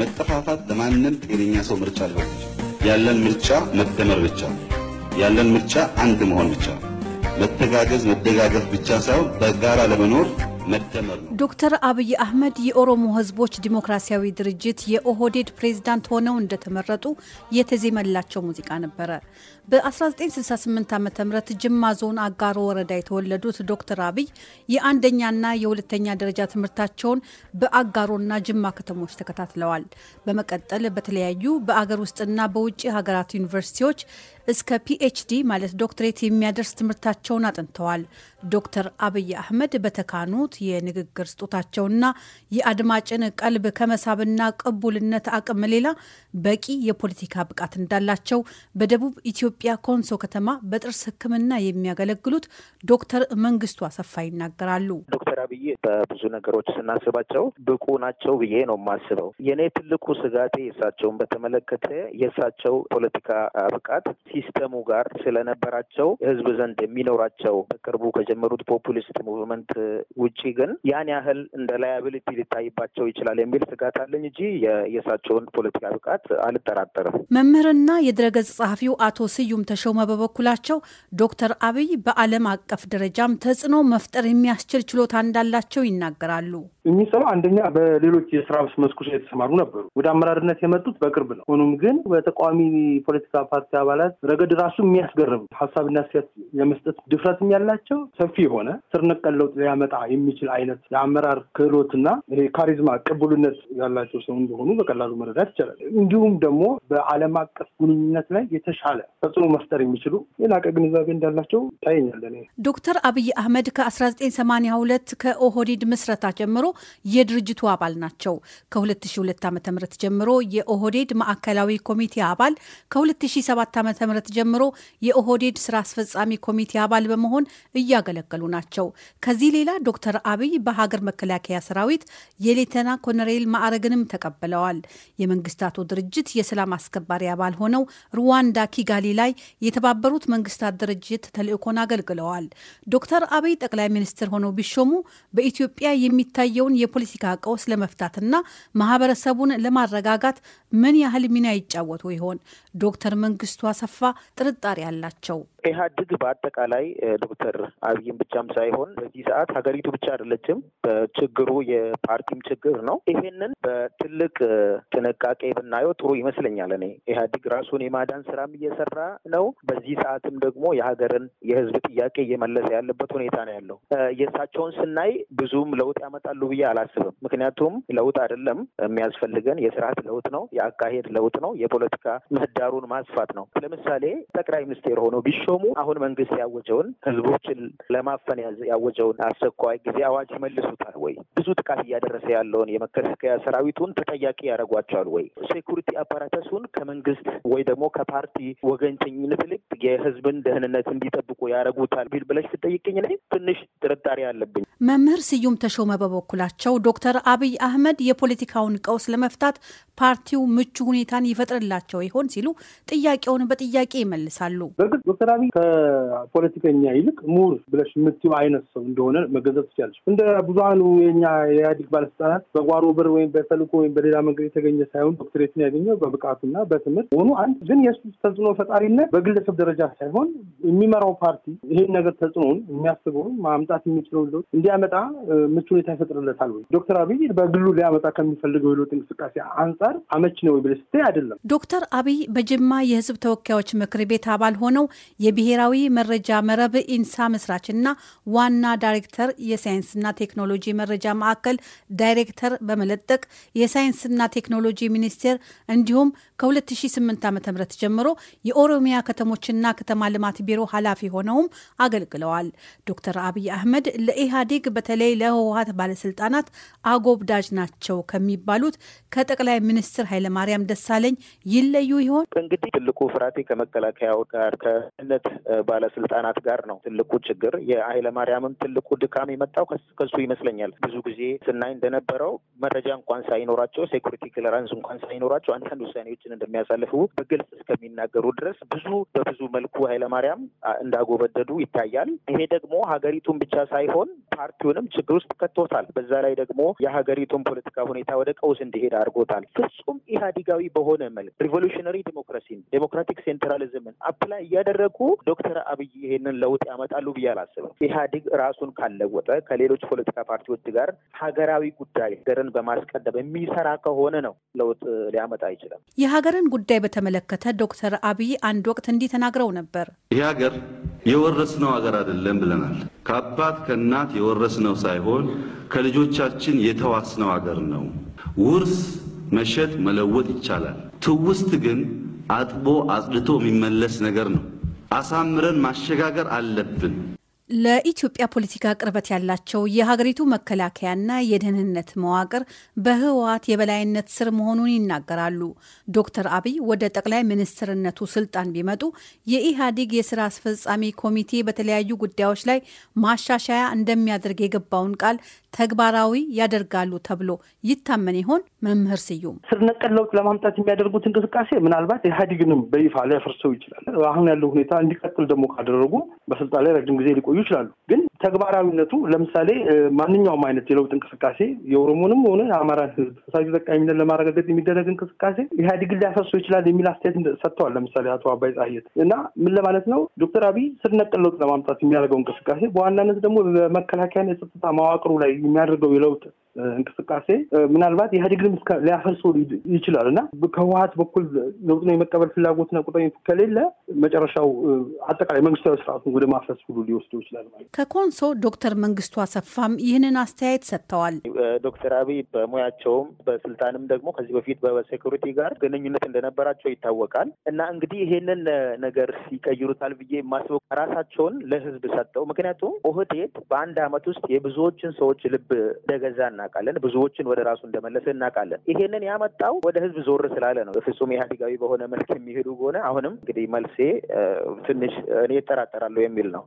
መጠፋፋት ለማንም ጤነኛ ሰው ምርጫ ሊሆን ያለን ምርጫ መደመር ብቻ ያለን ምርጫ አንድ መሆን ብቻ መተጋገዝ መደጋገፍ ብቻ ሳይሆን በጋራ ለመኖር መደመር ነው። ዶክተር አብይ አህመድ የኦሮሞ ህዝቦች ዲሞክራሲያዊ ድርጅት የኦህዴድ ፕሬዝዳንት ሆነው እንደተመረጡ የተዜመላቸው ሙዚቃ ነበረ። በ1968 ዓ ም ጅማ ዞን አጋሮ ወረዳ የተወለዱት ዶክተር አብይ የአንደኛና የሁለተኛ ደረጃ ትምህርታቸውን በአጋሮና ጅማ ከተሞች ተከታትለዋል። በመቀጠል በተለያዩ በአገር ውስጥና በውጭ ሀገራት ዩኒቨርሲቲዎች እስከ ፒኤችዲ ማለት ዶክትሬት የሚያደርስ ትምህርታቸውን አጥንተዋል። ዶክተር አብይ አህመድ በተካኑት የንግግር ስጦታቸውና የአድማጭን ቀልብ ከመሳብና ቅቡልነት አቅም ሌላ በቂ የፖለቲካ ብቃት እንዳላቸው በደቡብ ኢትዮጵያ ኮንሶ ከተማ በጥርስ ሕክምና የሚያገለግሉት ዶክተር መንግስቱ አሰፋ ይናገራሉ። ዳይራ ብዬ በብዙ ነገሮች ስናስባቸው ብቁ ናቸው ብዬ ነው የማስበው። የእኔ ትልቁ ስጋቴ የእሳቸውን በተመለከተ የእሳቸው ፖለቲካ ብቃት ሲስተሙ ጋር ስለነበራቸው ህዝብ ዘንድ የሚኖራቸው በቅርቡ ከጀመሩት ፖፑሊስት ሙቭመንት ውጪ ግን ያን ያህል እንደ ላያብሊቲ ሊታይባቸው ይችላል የሚል ስጋት አለኝ እንጂ የእሳቸውን ፖለቲካ ብቃት አልጠራጠርም። መምህርና የድረገጽ ጸሐፊው አቶ ስዩም ተሾመ በበኩላቸው ዶክተር አብይ በዓለም አቀፍ ደረጃም ተጽዕኖ መፍጠር የሚያስችል ችሎታ እንዳላቸው ይናገራሉ። እኚህ ሰው አንደኛ በሌሎች የስራ መስኩ የተሰማሩ ነበሩ። ወደ አመራርነት የመጡት በቅርብ ነው። ሆኖም ግን በተቃዋሚ ፖለቲካ ፓርቲ አባላት ረገድ ራሱ የሚያስገርም ሀሳብና ሴት የመስጠት ድፍረትም ያላቸው ሰፊ የሆነ ስር ነቀል ለውጥ ሊያመጣ የሚችል አይነት የአመራር ክህሎትና ይሄ ካሪዝማ ቅቡልነት ያላቸው ሰው እንደሆኑ በቀላሉ መረዳት ይቻላል። እንዲሁም ደግሞ በዓለም አቀፍ ግንኙነት ላይ የተሻለ ተጽዕኖ መፍጠር የሚችሉ የላቀ ግንዛቤ እንዳላቸው ታየኛለን። ዶክተር አብይ አህመድ ከ1982 ከኦህዴድ ምስረታ ጀምሮ የድርጅቱ አባል ናቸው። ከ2002 ዓ ም ጀምሮ የኦህዴድ ማዕከላዊ ኮሚቴ አባል፣ ከ2007 ዓ ም ጀምሮ የኦህዴድ ስራ አስፈጻሚ ኮሚቴ አባል በመሆን እያገለገሉ ናቸው። ከዚህ ሌላ ዶክተር አብይ በሀገር መከላከያ ሰራዊት የሌተና ኮሎኔል ማዕረግንም ተቀብለዋል። የመንግስታቱ ድርጅት የሰላም አስከባሪ አባል ሆነው ሩዋንዳ ኪጋሊ ላይ የተባበሩት መንግስታት ድርጅት ተልእኮን አገልግለዋል። ዶክተር አብይ ጠቅላይ ሚኒስትር ሆነው ቢሾሙ በኢትዮጵያ የሚታየውን የፖለቲካ ቀውስ ለመፍታትና ማህበረሰቡን ለማረጋጋት ምን ያህል ሚና ይጫወቱ ይሆን? ዶክተር መንግስቱ አሰፋ ጥርጣሬ አላቸው። ኢህአዴግ በአጠቃላይ ዶክተር አብይን ብቻም ሳይሆን በዚህ ሰዓት ሀገሪቱ ብቻ አይደለችም፣ በችግሩ የፓርቲም ችግር ነው። ይሄንን በትልቅ ጥንቃቄ ብናየው ጥሩ ይመስለኛል። እኔ ኢህአዴግ ራሱን የማዳን ስራም እየሰራ ነው። በዚህ ሰዓትም ደግሞ የሀገርን የህዝብ ጥያቄ እየመለሰ ያለበት ሁኔታ ነው ያለው። የእሳቸውን ስናይ ብዙም ለውጥ ያመጣሉ ብዬ አላስብም። ምክንያቱም ለውጥ አይደለም የሚያስፈልገን የስርዓት ለውጥ ነው፣ የአካሄድ ለውጥ ነው፣ የፖለቲካ ምህዳሩን ማስፋት ነው። ለምሳሌ ጠቅላይ ሚኒስቴር ሆኖ ቢሾ ሲቃወሙ አሁን መንግስት ያወጀውን ህዝቦችን ለማፈን ያወጀውን አስቸኳይ ጊዜ አዋጅ ይመልሱታል ወይ? ብዙ ጥቃት እያደረሰ ያለውን የመከላከያ ሰራዊቱን ተጠያቂ ያደረጓቸዋል ወይ? ሴኩሪቲ አፓራተሱን ከመንግስት ወይ ደግሞ ከፓርቲ ወገንተኝነት ይልቅ የህዝብን ደህንነት እንዲጠብቁ ያደረጉታል ቢል ብለሽ ትጠይቅኝ ላይ ትንሽ ጥርጣሬ አለብኝ። መምህር ስዩም ተሾመ በበኩላቸው ዶክተር አብይ አህመድ የፖለቲካውን ቀውስ ለመፍታት ፓርቲው ምቹ ሁኔታን ይፈጥርላቸው ይሆን ሲሉ ጥያቄውን በጥያቄ ይመልሳሉ። በእርግጥ ዶክተር አብይ ከፖለቲከኛ ይልቅ ምሁር ብለሽ የምትይው አይነት ሰው እንደሆነ መገንዘብ ትችላለች። እንደ ብዙሀኑ የኛ የኢህአዴግ ባለስልጣናት በጓሮ ብር ወይም በተልእኮ ወይም በሌላ መንገድ የተገኘ ሳይሆን ዶክትሬትን ያገኘው በብቃቱና በትምህርት ሆኑ አንድ ግን የሱ ተጽዕኖ ፈጣሪነት በግለሰብ ደረጃ ሳይሆን የሚመራው ፓርቲ ይሄን ነገር ተጽዕኖውን የሚያስበውን ማምጣት የሚችለውን ለውጥ እንዲያመጣ ምቹ ሁኔታ ይፈጥርለታል ወይ? ዶክተር አብይ በግሉ ሊያመጣ ከሚፈልገው የለውጥ እንቅስቃሴ አንጻር አንጻር አመች ነው ብል ስትይ አይደለም። ዶክተር አብይ በጅማ የህዝብ ተወካዮች ምክር ቤት አባል ሆነው የብሔራዊ መረጃ መረብ ኢንሳ መስራችና ዋና ዳይሬክተር፣ የሳይንስና ቴክኖሎጂ መረጃ ማዕከል ዳይሬክተር በመለጠቅ የሳይንስና ቴክኖሎጂ ሚኒስቴር እንዲሁም ከ2008 ዓ ም ጀምሮ የኦሮሚያ ከተሞችና ከተማ ልማት ቢሮ ኃላፊ ሆነውም አገልግለዋል። ዶክተር አብይ አህመድ ለኢህአዴግ በተለይ ለህወሀት ባለስልጣናት አጎብዳጅ ናቸው ከሚባሉት ከጠቅላይ ሚኒስትር ኃይለማርያም ደሳለኝ ይለዩ ይሆን? እንግዲህ ትልቁ ፍራቴ ከመከላከያው ጋር ከነት ባለስልጣናት ጋር ነው። ትልቁ ችግር የኃይለማርያምም ትልቁ ድካም የመጣው ከሱ ይመስለኛል። ብዙ ጊዜ ስናይ እንደነበረው መረጃ እንኳን ሳይኖራቸው ሴኩሪቲ ክለራንስ እንኳን ሳይኖራቸው አንዳንድ ውሳኔዎችን እንደሚያሳልፉ በግልጽ እስከሚናገሩ ድረስ ብዙ በብዙ መልኩ ኃይለማርያም እንዳጎበደዱ ይታያል። ይሄ ደግሞ ሀገሪቱን ብቻ ሳይሆን ፓርቲውንም ችግር ውስጥ ከቶታል። በዛ ላይ ደግሞ የሀገሪቱን ፖለቲካ ሁኔታ ወደ ቀውስ እንዲሄድ አድርጎታል። ፍጹም ኢህአዴጋዊ በሆነ መልክ ሪቮሉሽነሪ ዲሞክራሲን ዴሞክራቲክ ሴንትራሊዝምን አፕላይ እያደረጉ ዶክተር አብይ ይሄንን ለውጥ ያመጣሉ ብዬ አላስብም። ኢህአዴግ ራሱን ካለወጠ ከሌሎች ፖለቲካ ፓርቲዎች ጋር ሀገራዊ ጉዳይ ሀገርን በማስቀደም የሚሰራ ከሆነ ነው ለውጥ ሊያመጣ አይችልም። የሀገርን ጉዳይ በተመለከተ ዶክተር አብይ አንድ ወቅት እንዲህ ተናግረው ነበር። ይህ ሀገር የወረስነው ሀገር አይደለም ብለናል። ከአባት ከእናት የወረስነው ሳይሆን ከልጆቻችን የተዋስነው ሀገር ነው ውርስ መሸጥ መለወጥ ይቻላል። ትውስት ግን አጥቦ አጽድቶ የሚመለስ ነገር ነው። አሳምረን ማሸጋገር አለብን። ለኢትዮጵያ ፖለቲካ ቅርበት ያላቸው የሀገሪቱ መከላከያና የደህንነት መዋቅር በህወሓት የበላይነት ስር መሆኑን ይናገራሉ። ዶክተር አብይ ወደ ጠቅላይ ሚኒስትርነቱ ስልጣን ቢመጡ የኢህአዴግ የስራ አስፈጻሚ ኮሚቴ በተለያዩ ጉዳዮች ላይ ማሻሻያ እንደሚያደርግ የገባውን ቃል ተግባራዊ ያደርጋሉ ተብሎ ይታመን ይሆን? መምህር ስዩም ስር ነቀል ለውጥ ለማምጣት የሚያደርጉት እንቅስቃሴ ምናልባት ኢህአዴግንም በይፋ ሊያፈርሰው ይችላል። አሁን ያለው ሁኔታ እንዲቀጥል ደግሞ ካደረጉ በስልጣን ላይ ረጅም ጊዜ ሊቆዩ ሊቆዩ ይችላሉ። ግን ተግባራዊነቱ ለምሳሌ ማንኛውም አይነት የለውጥ እንቅስቃሴ የኦሮሞንም ሆነ የአማራን ህዝብ ተሳዊ ተጠቃሚነት ለማረጋገጥ የሚደረግ እንቅስቃሴ ኢህአዲግ ሊያፈሱ ይችላል የሚል አስተያየት ሰጥተዋል። ለምሳሌ አቶ አባይ ፀሐየ እና ምን ለማለት ነው ዶክተር አብይ ስር ነቀል ለውጥ ለማምጣት የሚያደርገው እንቅስቃሴ በዋናነት ደግሞ በመከላከያ የጸጥታ መዋቅሩ ላይ የሚያደርገው የለውጥ እንቅስቃሴ ምናልባት ኢህአዴግንም ሊያፈርሶ ይችላል እና ከህወሀት በኩል ነው የመቀበል ፍላጎትና ቁርጠኝነት ከሌለ መጨረሻው አጠቃላይ መንግስታዊ ስርዓቱን ወደ ማፍረስ ሁሉ ሊወስደው ይችላል ማለት። ከኮንሶ ዶክተር መንግስቱ አሰፋም ይህንን አስተያየት ሰጥተዋል። ዶክተር አብይ በሙያቸውም በስልጣንም ደግሞ ከዚህ በፊት በሴኩሪቲ ጋር ግንኙነት እንደነበራቸው ይታወቃል እና እንግዲህ ይሄንን ነገር ይቀይሩታል ብዬ የማስበው ራሳቸውን ለህዝብ ሰጠው። ምክንያቱም ኦህዴድ በአንድ አመት ውስጥ የብዙዎችን ሰዎች ልብ እንደገዛና እናውቃለን። ብዙዎችን ወደ ራሱ እንደመለሰ እናውቃለን። ይሄንን ያመጣው ወደ ህዝብ ዞር ስላለ ነው። ፍጹም ኢህአዴጋዊ በሆነ መልክ የሚሄዱ ከሆነ አሁንም እንግዲህ መልሴ ትንሽ እኔ ይጠራጠራሉ የሚል ነው።